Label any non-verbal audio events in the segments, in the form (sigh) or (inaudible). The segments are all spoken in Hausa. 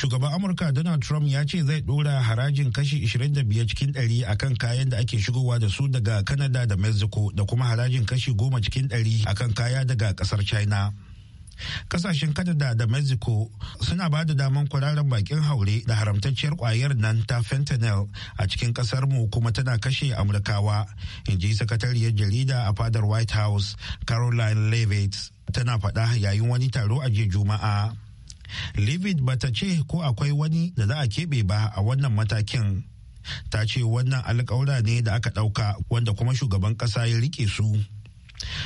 shugaban amurka donald trump ya ce zai dora harajin kashi 25 cikin 100 akan kayan da ake shigowa da su daga canada da mexico da kuma harajin kashi 10 cikin 100 akan kaya daga kasar china kasashen canada da mexico suna ba da daman kwararren bakin haure da haramtacciyar kwayar nan ta fentanyl a cikin kasar mu kuma tana kashe amurkawa in ji sakatariyar jarida a fadar white house caroline levitt tana faɗa yayin wani taro a jiya juma'a livid bata ce ko akwai wani da za a keɓe ba a wannan matakin ta ce wannan alƙawura ne da aka ɗauka wanda kuma shugaban ƙasa ya rike su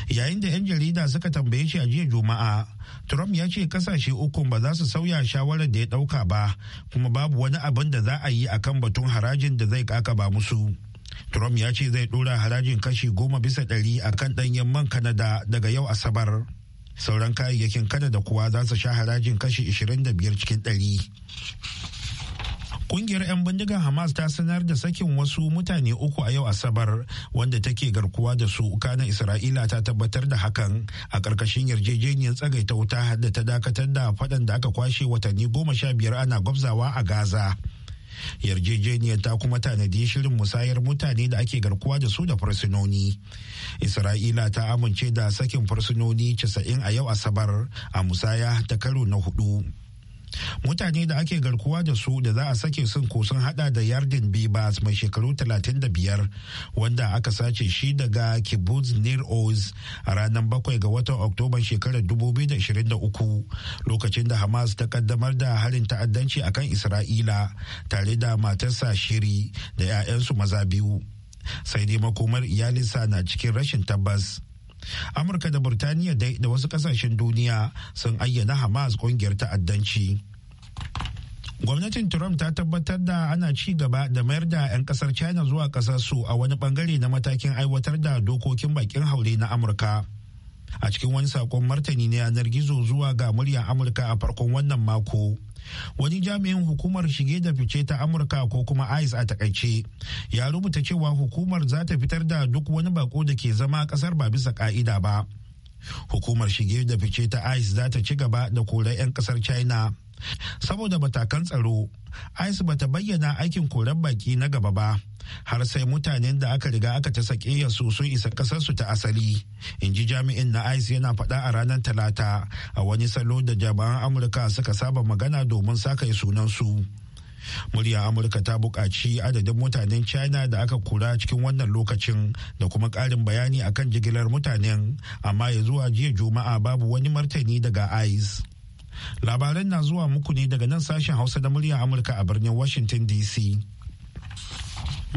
yayin da 'yan jarida suka tambaye shi a jiya juma'a trump ya ce kasashe uku ba za su sauya shawarar da ya ɗauka ba kuma babu wani abin da za a yi a kan batun harajin da zai ba musu trump ya ce zai ɗora harajin kashi goma bisa ɗari a kan ɗanyen man kanada daga yau asabar sauran kayayyakin kada da kuwa za su sha harajin kashi 25 cikin 100 Kungiyar 'yan bindigar Hamas ta sanar da sakin wasu mutane uku a yau Asabar wanda take garkuwa da su kanan Isra'ila ta tabbatar da hakan a ƙarƙashin yarjejeniyar tsagaita wuta da ta dakatar da faɗan da aka kwashe watanni goma sha biyar ana gwabzawa a Gaza. yarjejeniyar ta kuma tanadi shirin musayar mutane da ake garkuwa da su da fursunoni isra'ila ta amince da sakin fursunoni 90 a yau asabar a musaya ta karo na hudu mutane da ake garkuwa da su da za a sake sun ko sun hada da yardin bibas mai shekaru 35 wanda aka sace shi daga kibbutz nir oz a ranar 7 ga watan oktoba shekarar 2023 lokacin da hamas ta kaddamar da harin ta'addanci a kan isra'ila tare da matarsa shiri da 'ya'yansu maza biyu sai dai makomar iyalinsa na cikin rashin tabbas amurka da burtaniya da wasu kasashen duniya sun ayyana hamas kungiyar ta'addanci gwamnatin trump ta tabbatar da ana ci gaba da mayar da 'yan kasar china zuwa kasar su a wani bangare na matakin aiwatar da dokokin bakin haure na amurka a cikin wani sakon martani na yanar gizo zuwa ga muryar amurka a farkon wannan mako wani jami'in hukumar shige da fice ta amurka ko kuma ice a takaice ya rubuta cewa hukumar za ta fitar da duk wani bako da ke zama kasar ba bisa ka'ida ba hukumar shige da fice ta ice za ta ci gaba da korar 'yan kasar china saboda matakan tsaro ice bata bayyana aikin koren baki na gaba ba har sai mutanen da aka riga aka ta sake su sun isa kasarsu ta asali in ji jami'in na ice yana faɗa a ranar talata a wani salo da jami'an amurka suka saba magana domin saka sunan su murya amurka ta buƙaci adadin mutanen china da aka kura cikin wannan lokacin da kuma ƙarin bayani akan jigilar mutanen amma ya zuwa jiya juma'a babu wani martani daga ice labaran na zuwa muku ne daga nan sashen hausa da murya amurka a birnin washington dc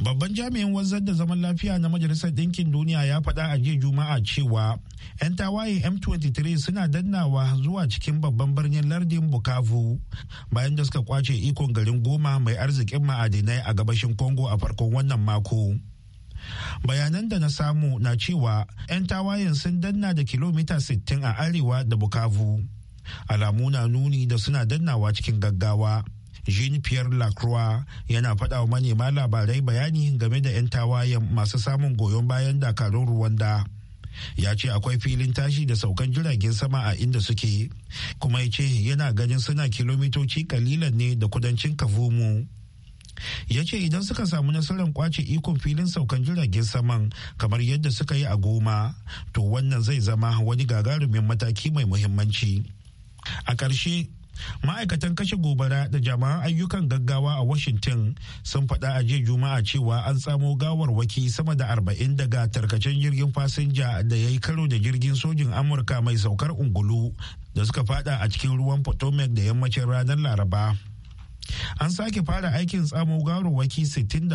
babban jami'in wanzar da zaman lafiya na majalisar ɗinkin duniya ya faɗa a jiya juma'a cewa 'yan tawaye m23 suna dannawa zuwa cikin babban birnin lardin bukavu bayan da suka kwace ikon garin goma mai arzikin ma'adinai a gabashin congo a farkon wannan mako bayanan da na samu na cewa 'yan tawayen sun danna da kilomita 60 a arewa da bukavu alamu na nuni da suna dannawa cikin gaggawa jean pierre lacroix yana faɗa wa manema labarai bayani game da 'yan tawayen masu samun goyon bayan dakarun rwanda ya ce akwai filin tashi da saukan jiragen sama a inda suke kuma ya ce yana ganin suna kilomitoci kalilan ne da kudancin kavumu ya ce idan suka samu nasarar kwace ikon filin saukan jiragen saman kamar yadda suka yi a goma to wannan zai zama wani gagarumin mataki mai muhimmanci a ƙarshe ma'aikatan kashe gobara da jama'an ayyukan gaggawa a washington sun faɗa a jiya juma'a cewa an tsamo gawar waki sama da arba'in daga tarkacen jirgin fasinja da ya yi karo da jirgin sojin amurka mai saukar ungulu da suka faɗa a cikin ruwan potomac da yammacin ranar laraba an sake fara aikin tsamo gawar waki 67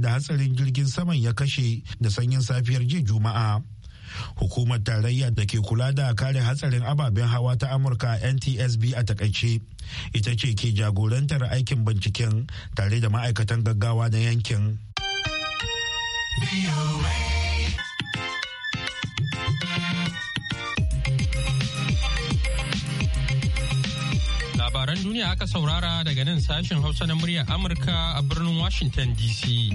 da hatsarin jirgin saman ya kashe da sanyin safiyar jiya juma'a hukumar tarayya da ke kula da kare hatsarin ababen hawa ta amurka ntsb a takaice ita ce ke jagorantar aikin binciken tare da ma'aikatan gaggawa na yankin labaran duniya aka saurara daga nan sashen hausa na muryar amurka a birnin washington dc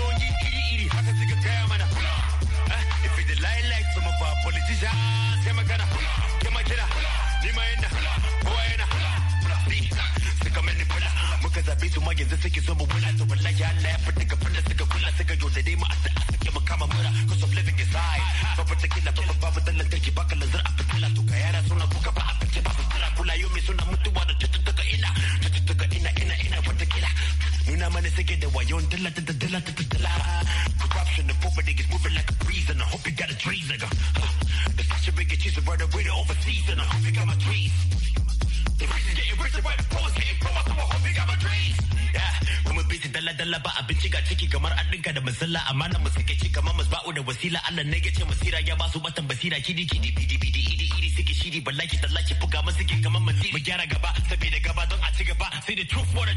kungiyoyi iri-iri haka suka gaya mana. If it lie like some of our politicians, sai magana, sai magana, ni ma yana, kowa yana, suka mani fula, muka zabe su ma yanzu suke so mu wula to wallahi Allah ya fita ka fada suka kula suka jose dai mu a sa suke mu kama mura cause of living is Babu ta kila babu babu lantarki baka lanzar a fitila to ga yara suna kuka ba a fice babu kira kula yau suna mutuwa da tututtuka ina tututtuka ina ina ina wata kila. Nuna mana suke da wayon dala dala dala dala dala. Corruption, the poor niggas moving like a breeze, and I hope you got a trees, nigga. The fashion make cheese and run away to overseas, and I hope you got my trees. The reason getting richer by the is getting poor, so I hope you got my trees. kuma busy, dala dala ba abinci ga ciki kamar an da masalla amma na musake ci kamar musba'u da wasila Allah nigga, ya ce masira ya basu batan basira kidi kidi bidi bidi idi idi suke shiri ballaki tallaki buga masu ke kamar masiri mu gyara gaba saboda gaba don a ci gaba sai da truth for the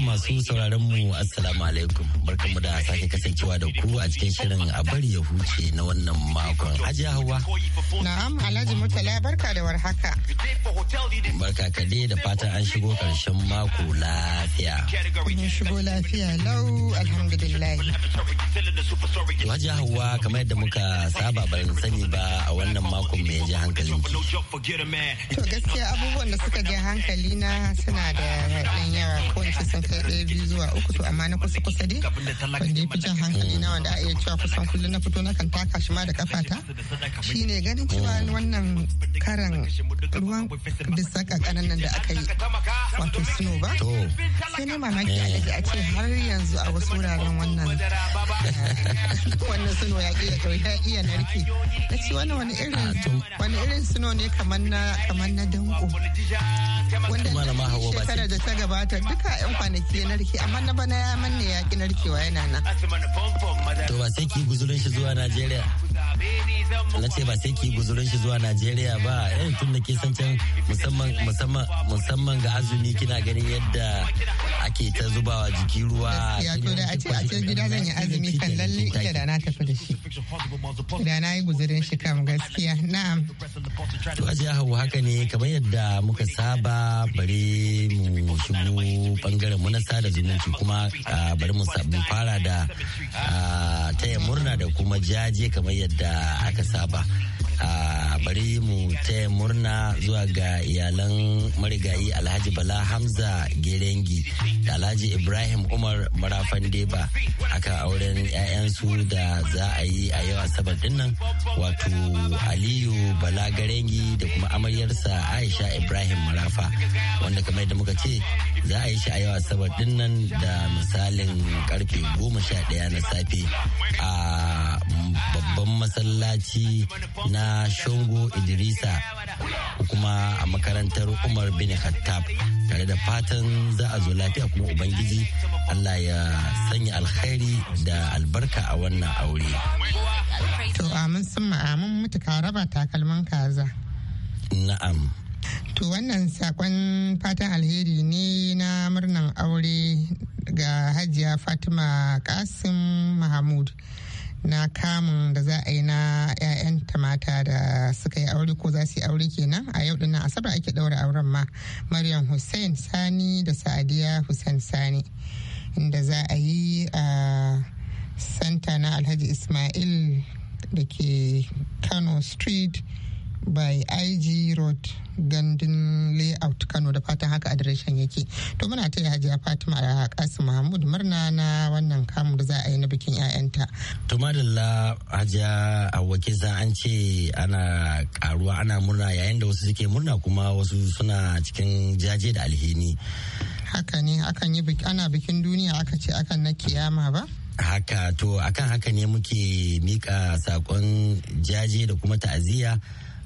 masu sauraron mu assalamu alaikum barkamu da sake kasancewa da ku a cikin shirin a bari ya huce na wannan makon hajiya hawa na'am alhaji murtala barka da warhaka Barka kaɗe da fatan an shigo karshen mako lafiya. Mun shigo lafiya lau alhamdulillah. Wajen hawa kamar yadda muka saba ban sani ba a wannan mako mai ji hankali. To gaskiya abubuwan da suka je hankali na suna da ɗan yawa ko in ce sun kai ɗaya biyu zuwa uku to amma na kusa kusa dai wanda ya fi jan hankali na wanda a iya cewa kusan kullum na fito na kan taka shi ma da kafata shine ganin cewa wannan karan ruwan bisa kakanan nan da aka yi wato snow ba sai ne mamaki alaji a ce har yanzu a wasu wuraren wannan eh, (laughs) wannan snow ya iya ya iya narke na ce wani wani irin ah, wani irin snow ne kamar na kamar na danko wanda shekarar da ta gabata duka yan kwanaki ya narke amma na bana ya manne ya ki narkewa yana nan to ba sai ki guzurin shi zuwa Najeriya na ce ba sai ki guzurin shi zuwa Najeriya ba irin eh, tun da ke san can musamman musamman musamman ga azumi kina ganin yadda ake ta zubawa jiki ruwa ya to da a ce a gida zan yi azumi kan lalle ita da na tafi da shi da na yi guzurin shi kam gaskiya na'am to a jiya hawa haka ne kamar yadda muka saba bari mu shigo bangaren mu na sada zumunci kuma ah, bari mu fara da ah, taya murna da kuma jaje kamar yadda da aka saba a bari mu taya murna zuwa ga iyalan marigayi alhaji bala hamza gerengi da alhaji ibrahim umar marafan deba aka auren 'ya'yansu da za a yi a yau asabar dinnan wato aliyu bala garengi da kuma amaryarsa aisha ibrahim marafa wanda kamar da muka ce za a yi shi a yau asabar dinnan da misalin karfe 11 na safe a babban masallaci na shango idrisa kuma a makarantar umar bin khattab tare da fatan za a zo lafiya kuma ubangiji allah ya sanya alkhairi da albarka a wannan aure to amin sun ma'amin mutuka raba takalman kaza na'am To wannan sakon fatan alheri ne na murnan aure ga Hajiya Fatima Kasim Mahmud. na kamun da za a yi na 'ya'yan mata da suka yi aure ko za su yi aure kenan a yau dinnan asabar ake ɗaura auren ma maryam hussein sani da sa'adiya hussein sani da za a yi a santa na alhaji ismail da ke kano street by IG Road gandun layout Kano da fatan haka adireshin yake. To muna ta yi hajiya Fatima a Kasim Mahmud murna na wannan kamu da za a yi na bikin 'ya'yanta. To madalla hajiya a za an ce ana karuwa ana murna yayin da wasu suke murna kuma wasu suna cikin jaje da alhini. Haka ne akan yi ana bikin duniya aka ce akan na kiyama ba? Haka to akan haka ne muke mika sakon jaje da kuma ta'aziyya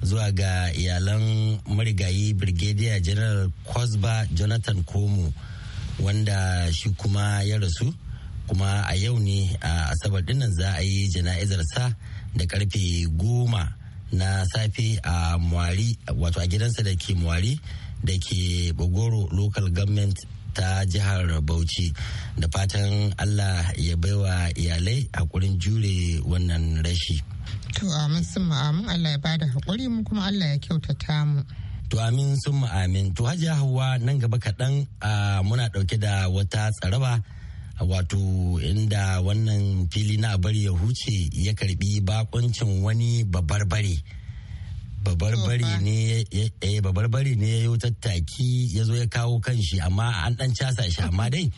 zuwa ga iyalan marigayi brigadier general cosba jonathan Komu wanda shi kuma ya rasu kuma a yau ne a asabar dinnan za a yi jana'izarsa da karfe goma na safe a muwari wato a gidansa da ke muwari da ke bogoro local government ta jihar bauchi da fatan allah ya baiwa iyalai hakurin jure wannan rashi To amin sun ma'amin Allah ya bada haƙuri mu kuma Allah ya kyautata mu. To amin sun ma'amin. To hajiya hawa nan gaba kaɗan muna ɗauke da wata tsaraba wato inda wannan fili na bari ya huce ya karbi bakuncin wani babarbare. babarbare ne ya yi eh, tattaki ya zo ya kawo kan shi amma an ɗan casa shi amma dai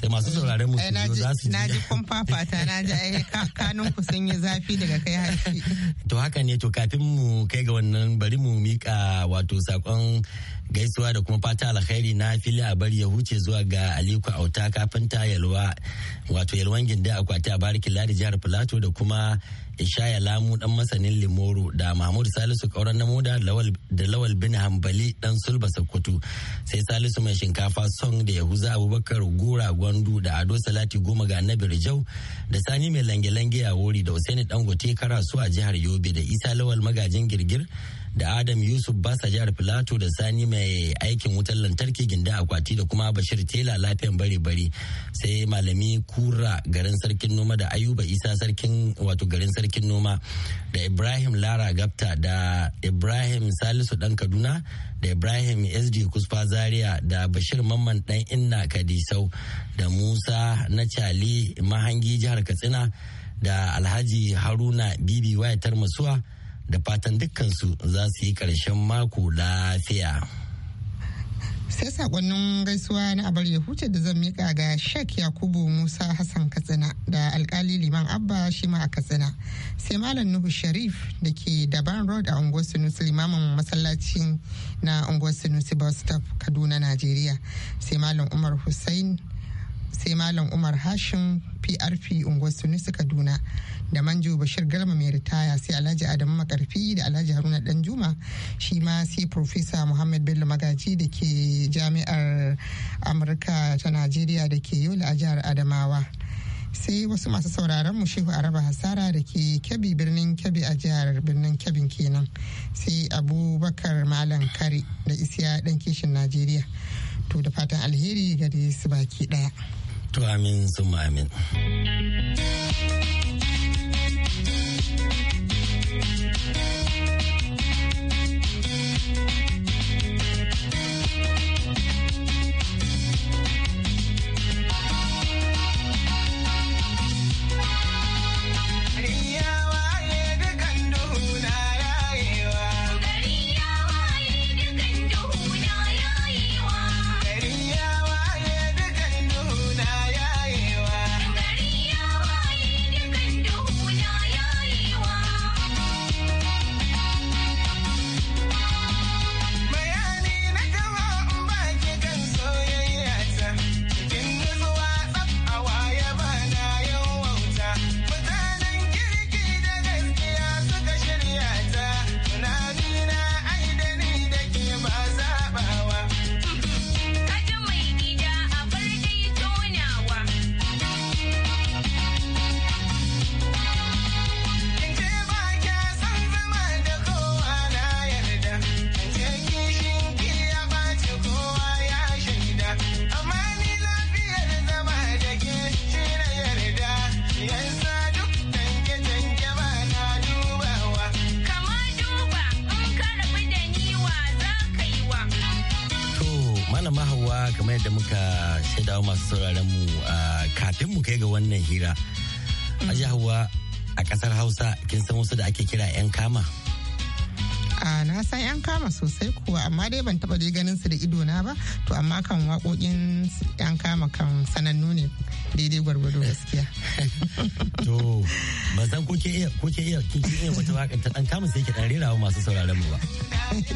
sai masu sauraren mu su za su na ji kun fafata na ji ai kanun ku sun yi zafi daga kai harfi to haka ne to kafin mu kai ga wannan bari mu mika wato sakon gaisuwa da kuma fata alkhairi na fili a bari ya huce zuwa ga aliku Auta kafinta Yalwa wato Yalwan Ginde akwati a Bariki Ladi jihar Plateau da kuma ishaya lamu dan masanin limoro da mahmud salisu kauran namo da lawal bin hambali dan sulba sokoto sai salisu mai shinkafa song da yahuza abubakar gora gwandu da ado salati goma ga na rijau da sani mai lange-lange a wuri da usaini dangote su a jihar yobe da isa lawal magajin girgir da Adam Yusuf Basa jihar Filato da Sani mai aikin wutar lantarki ginda akwati da kuma Bashir Tela lafiyan bari-bari sai malami Kura garin sarkin noma da Ayuba Isa sarkin wato garin sarkin noma da Ibrahim Lara Gapta da Ibrahim Salisu dan Kaduna da Ibrahim SD Kusfa Zaria da Bashir Mamman dan Inna Kadisau da Musa na Mahangi jihar Katsina da Alhaji Haruna Bibi Wayatar Masuwa da fatan dukkansu za su yi ƙarshen mako lafiya. sai sakonnin gaisuwa na abar ya da zan mika ga shek yakubu musa hassan katsina da alkali liman abba shima a katsina sai malam nuhu sharif da ke daban road a unguwar sunusi limamin masallaci na unguwar sunusi bus kaduna najeriya sai malam umar hussain sai malam umar hashim prp unguwar sunusu kaduna da manjo bashir galma mai ritaya sai alhaji adamu makarfi da alhaji haruna danjuma shi ma sai profesa muhammad bello magaji da ke jami'ar amurka ta najeriya da ke yola a jihar adamawa sai wasu masu sauraron mu shehu araba hasara da ke kyabi birnin kyabi a jihar birnin kyabin kenan sai abubakar malam kare da isiya dan kishin najeriya to da fatan alheri gare su baki daya to amin zuma amin thank you hira a jahuwa a kasar hausa kin san wasu da ake kira 'yan kama a na san 'yan kama sosai kuwa amma dai ban taba je ganin su da ido na ba to amma kan waƙoƙin 'yan kama kan sanannu ne daidai gwargwado gaskiya to ban san kuke iya kuke iya kin iya wata wakan ta dan kama sai ki dan rera wa masu sauraron mu ba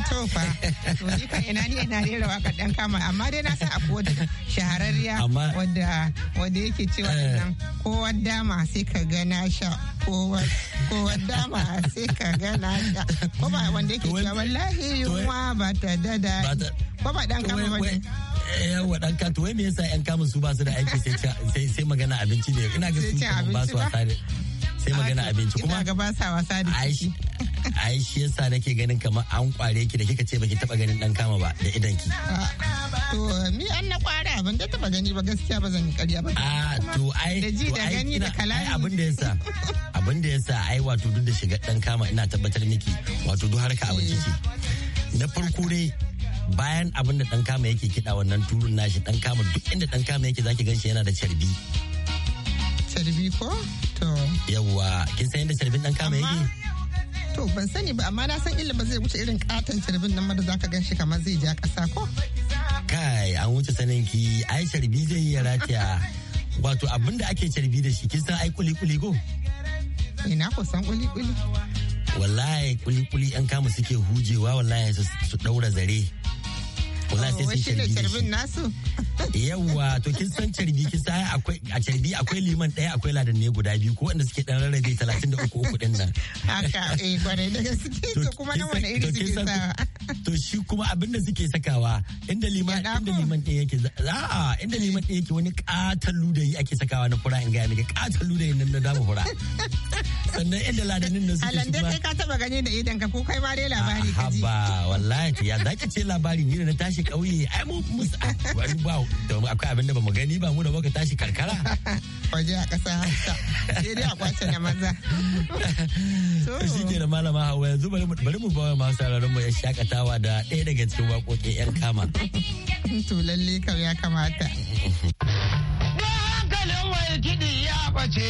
to fa to ni kan ina ni ina rera dan kama amma dai na san akwai wata shahararriya wanda yake cewa eh. ko ma sai ka ga na sha ko ma sai ka ga na ko ba wanda yake wallahi yunwa ba yawa dan ka to wai me yasa yan kamun su ba su da aiki sai sai magana abinci ne ina ga su ba su wasa da sai magana abinci kuma ga ba sa wasa da aishi aishi yasa nake ganin kamar an kware ki da kika ce baki taba ganin dan kama ba da idan ki to mi an na kware ban da taba gani ba gaskiya ba zan kariya ba ah, a to ai da ji da gani da kalami abin da yasa (laughs) abin da yasa ai wato duk da shiga dan kama ina tabbatar miki wato duk harka abinci ce na farko dai bayan abin da dan kama yake kiɗa wannan turun nashi dan kama duk inda dan kama yake zaki ganshi yana da carbi carbi ko to Yawwa kin san inda carbin dan kama yake to ban sani ba amma na san illa ba zai wuce irin katon carbin nan da zaka ganshi kamar zai ja kasa ko kai an wuce sanin ki ai carbi zai yi ratiya. wato abin da ake carbi da shi kin san ai kuli kuli ko ina ko san kuli kuli wallahi kuli kuli an kama suke hujewa wallahi su daura zare wallahi oh, sai sun sharbi carbin nasu (laughs) yawa to kin san carbi kin san akwai a carbi akwai liman daya akwai ladan ne guda biyu ko wanda suke dan rarrabe 33 uku din nan haka (laughs) eh kwarai da gaske to kuma na wani iri suke sa. to shi kuma abin da suke sakawa inda liman inda liman ɗaya yake a'a inda liman ɗaya yake wani katan ludayi ake sakawa na fura in ga miki katan ludayi nan da damu fura (laughs) sannan inda ladanin nan suke shi kai ka taba gani da idan ka ko kai ma dai labari ka ji haba wallahi ya zaki ce labari ni na tashi kauye ai mu wani ba akwai abin da bamu gani ba mu da muka tashi karkara (laughs) waje a ƙasa hausa sai dai a kwace na maza (laughs) to shi ke da malama hawa yanzu bari mu bawa masu sararin mu ya shakatawa da ɗaya daga cikin waƙoƙin 'yan kama (laughs) to lalle kam ya kamata hankalin wai kiɗi ya bace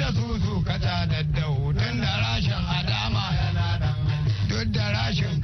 da su su kata da tun da rashin adama yana nan duk da rashin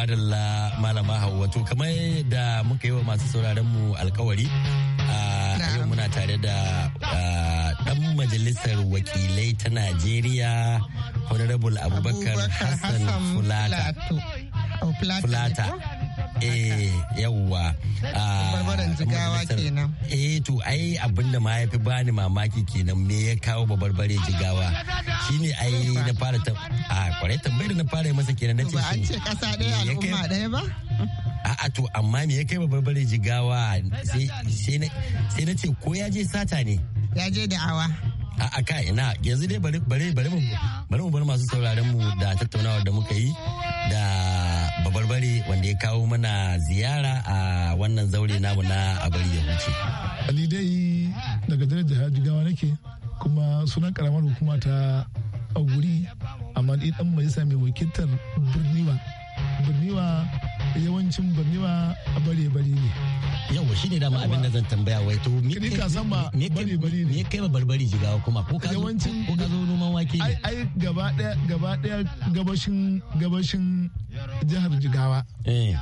madalla malama hauwa to kamar da muka yi wa masu sauraron mu alkawari a yau muna tare da dan majalisar wakilai ta najeriya honorable abubakar hassan fulata oh, eh yawwa ah, barbaran jigawa kenan eh to ai abinda da ma yafi bani mamaki kenan me ya kawo babarbare jigawa shine ai na fara ta a kwarai tambayar na fara masa kenan na ce ba an ce kasa ɗaya al'umma daya ba a'a to amma me ya kai babarbare jigawa sai na ce ko ya je sata ne ya je da awa. a ka ina yanzu dai bari mu bari masu sauraron mu da tattaunawar da muka yi da babarbare wanda ya kawo mana ziyara a wannan zaure namu na bari ya huce. Ali dai daga dare jihar Jigawa nake kuma sunan karamar hukuma ta Aguri amma ni dan majalisa mai wakiltar Birniwa. Birniwa yawancin Birniwa a bare-bare ne. yawa shine dama abin da zan tambaya wai to me ka san ba bari bari ne kai ma barbari jigawa kuma ko ka yawancin ko ka zo noman wake ne ai gaba daya gaba daya gabashin gabashin jihar jigawa eh.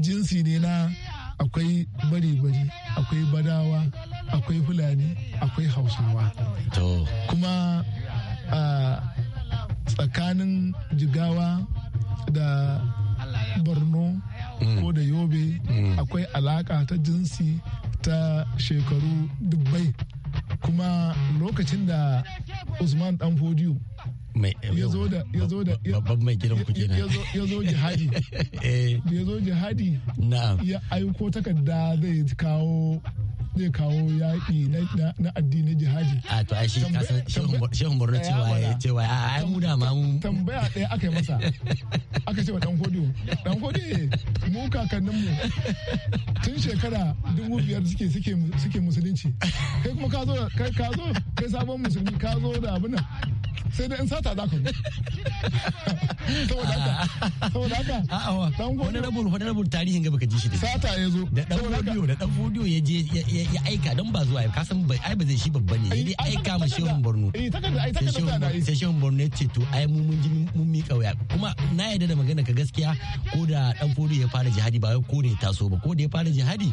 jinsi ne na akwai bari-bari akwai badawa akwai fulani akwai hausawa kuma a tsakanin jigawa da borno mm. ko da yobe mm. akwai alaka ta jinsi ta shekaru dubbai kuma lokacin da usman dan Eh, ya zo da babban mai gidan ku kenan ya zo jihadi da ya zo jihadi (laughs) eh. ya aiko takarda zai kawo zai kawo yaƙi na addini jihadi. A to ai shi kasan shehun Borno cewa ya cewa a ai mu da ma mu. Tambaya ɗaya aka yi masa (laughs) aka cewa wa ɗan hodiyo. Ɗan hodiyo mu kakannin mu tun shekara dubu biyar suke suke musulunci. Kai kuma ka zo kai sabon musulmi ka zo da abin nan. sai dai in sata za ku saboda haka saboda haka wani (laughs) wani tarihin gaba ka ji shi sata ya zo da dan fodiyo da dan fodiyo ya je ya aika dan ba zuwa ka san bai ai ba zai shi babban ne ya aika ma shehun Borno sai shehun Borno ya ce to ai mu mun ji mun mika waya kuma na yarda da magana ka gaskiya ko da dan fodiyo ya fara jihadi ba ko da ya taso ba ko da ya fara jihadi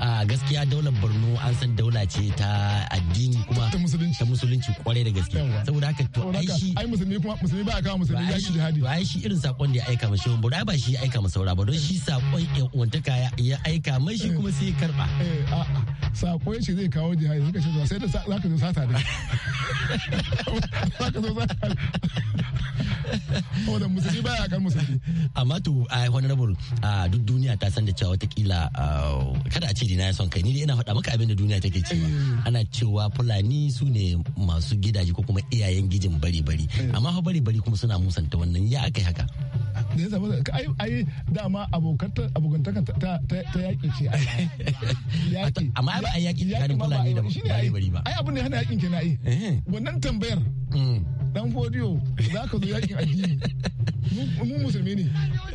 a gaskiya daular borno an san daula ce ta addini kuma ta musulunci ta musulunci kwarai da gaske saboda haka to ai shi ai musulmi kuma musulmi ba a kawo musulmi ya shi jihadi ba ai shi irin sakon da ya aika mashi ba ba shi ya aika masa saura ba don shi sakon ya wantaka ya aika mashi kuma sai ya karba eh, eh, sakon shi zai kawo jihadi suka ce sai da za ka zo sata da (laughs) za ka zo sata wanda musulmi baya kan musulmi amma to a honorable a duk duniya ta san da cewa watakila kada a ce dina ya son kai ni ina faɗa maka abin da duniya take cewa eh. ana cewa fulani su ne masu gidaje ko kuma iyayen gijin bari bari eh. amma fa bari bari kuma suna musanta wannan ya aka haka da ya samu ai ai dama abokantaka ta yaƙi ce yaki (laughs) amma ba a yaƙi tsakanin fulani da bare ba ai abin da hana yaƙin ke na yi eh. wannan tambayar hmm. dan fodiyo za ka zo yaƙin addini (laughs) mu musulmi ne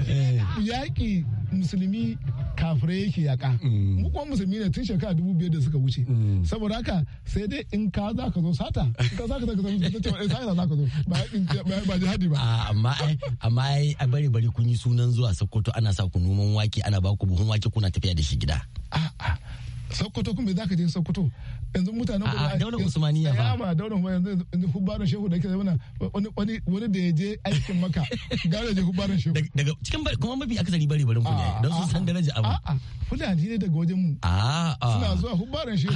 eh. yaƙi musulmi kafirai yake yaka mm. mu kuma musulmi ne tun shekara dubu biyar da suka wuce mm. saboda haka sai dai in ka za ka zo sata ka za ka zo eh, sata za ka zo ba jihadi ba ah, amma ai amma ai a bari bari kun yi sunan zuwa sokoto ana sa ku noman wake ana ba ku buhun wake kuna tafiya da shi gida ah, sokoto kuma za ka je sokoto yanzu mutanen ku a daular usmaniya ba ya daular kuma yanzu yanzu hubbaran shehu da yake zama wani wani wani da ya je aikin maka (laughs) gare da hubbaran shehu daga cikin kuma mafi akasari bare barin kuma don su san daraja abu a'a fulani ne daga wajen mu a a suna zuwa hubbaran shehu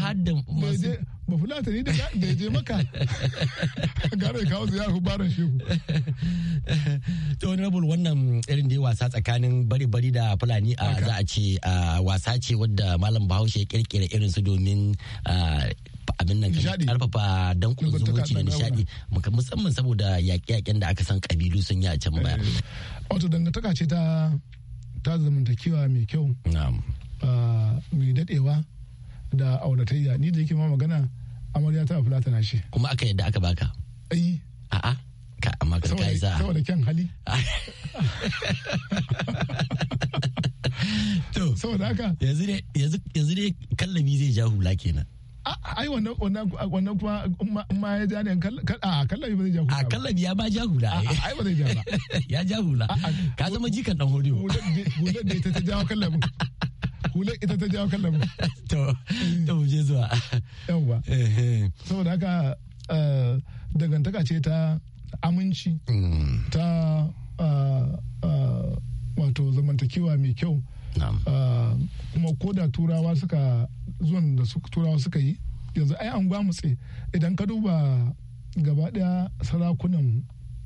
masu ba ne da je maka gare kawo su ya fi bara shehu to honorable wannan irin da ya wasa tsakanin bari-bari da fulani a za a ce wasa ce wadda malam bahaushe ya kirkira irin su domin abin nan karfafa dankon zumunci da nishadi musamman saboda yaƙe-yaƙen da aka san kabilu sun yi a can baya eh. wato dangantaka ce ta ta zamantakewa mai kyau ah, mai dadewa da auratayya ni da yake ma magana amarya ta fulata na shi kuma aka yadda aka baka ai a'a ka amma ka kai za saboda kyan hali (laughs) to saboda haka yanzu ne yanzu ne kallabi zai ja hula kenan ai wannan wannan wannan kuma ma ya ja ne a kallabi ba zai ja hula a kallabi ya ba ja hula ai ba zai ja ba (laughs) ya ja hula ka zama jikan dan horiyo hular da ta ta jawo kallabin (laughs) hula ita ta jawo kan lamu (laughs) to to mu zuwa yawwa saboda haka eh, dangantaka ce ta aminci mm. ta eh, eh, wato zamantakewa mai kyau kuma ko da turawa suka zuwan da turawa suka yi yanzu ai an gwamutse idan ka duba gaba daya sarakunan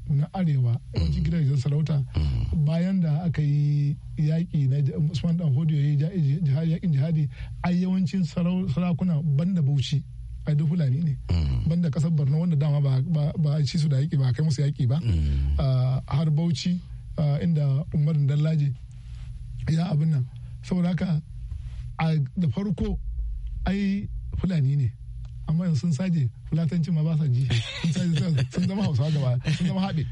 na arewa yawancin mm. gidajen sarauta mm. bayan da aka yi yaƙi na usman dan hodiyo ya yi yaƙin jihadi ai yawancin sarakuna banda bauchi ai da fulani ne mm. banda kasar borno wanda dama ba a ci su da yaƙi ba kai musu yaƙi ba har bauchi inda umar dallaje ya abin nan saboda haka da farko ai fulani ne amma sun saje fulatanci ma ba sa ji sun zama hausawa gaba sun zama haɓe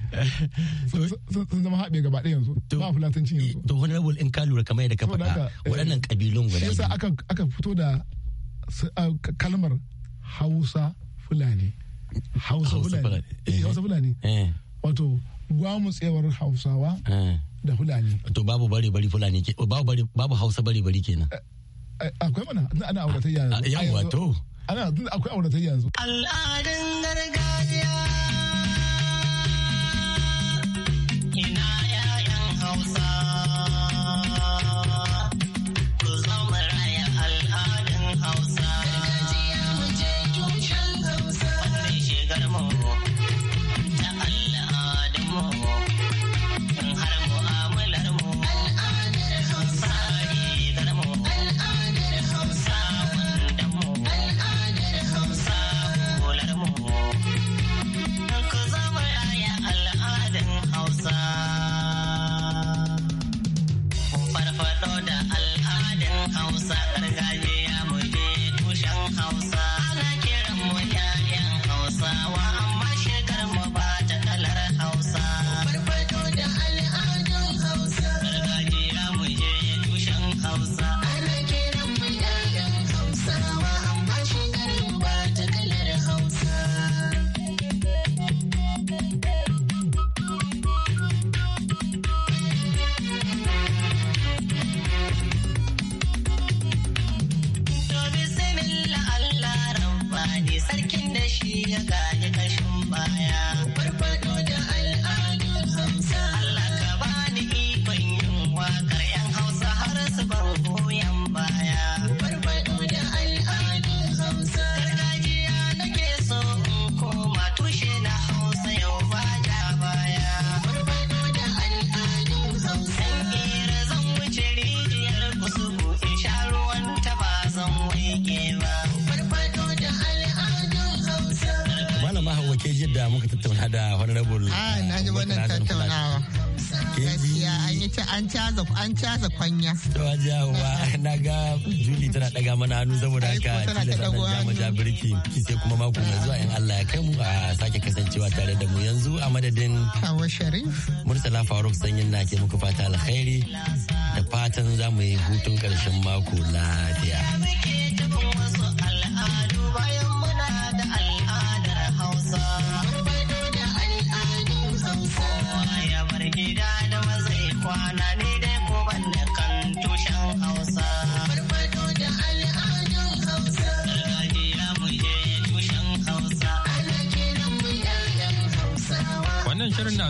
(laughs) sun zama haɓe gaba ɗaya yanzu ba fulatanci yanzu to honorable in ka lura kamar yadda ka faɗa waɗannan eh, ƙabilun guda yasa aka aka fito da kalmar hausa fulani hausa fulani hausa fulani eh, eh. wato tsewar hausawa da fulani to babu bari bari fulani babu hausa bari bari kenan akwai mana ana auratayya yawa to ana akwai auratayya yanzu al'adun dawa jawa na ga Juli tana daga mana hannu saboda haka tilas da jama ja birki sai kuma mako mai zuwa in Allah ya kai mu a sake kasancewa tare da mu yanzu a madadin Hawa Sharif Murtala Faruk sanyin na ke muku fata alkhairi da fatan za mu yi hutun karshen mako lafiya.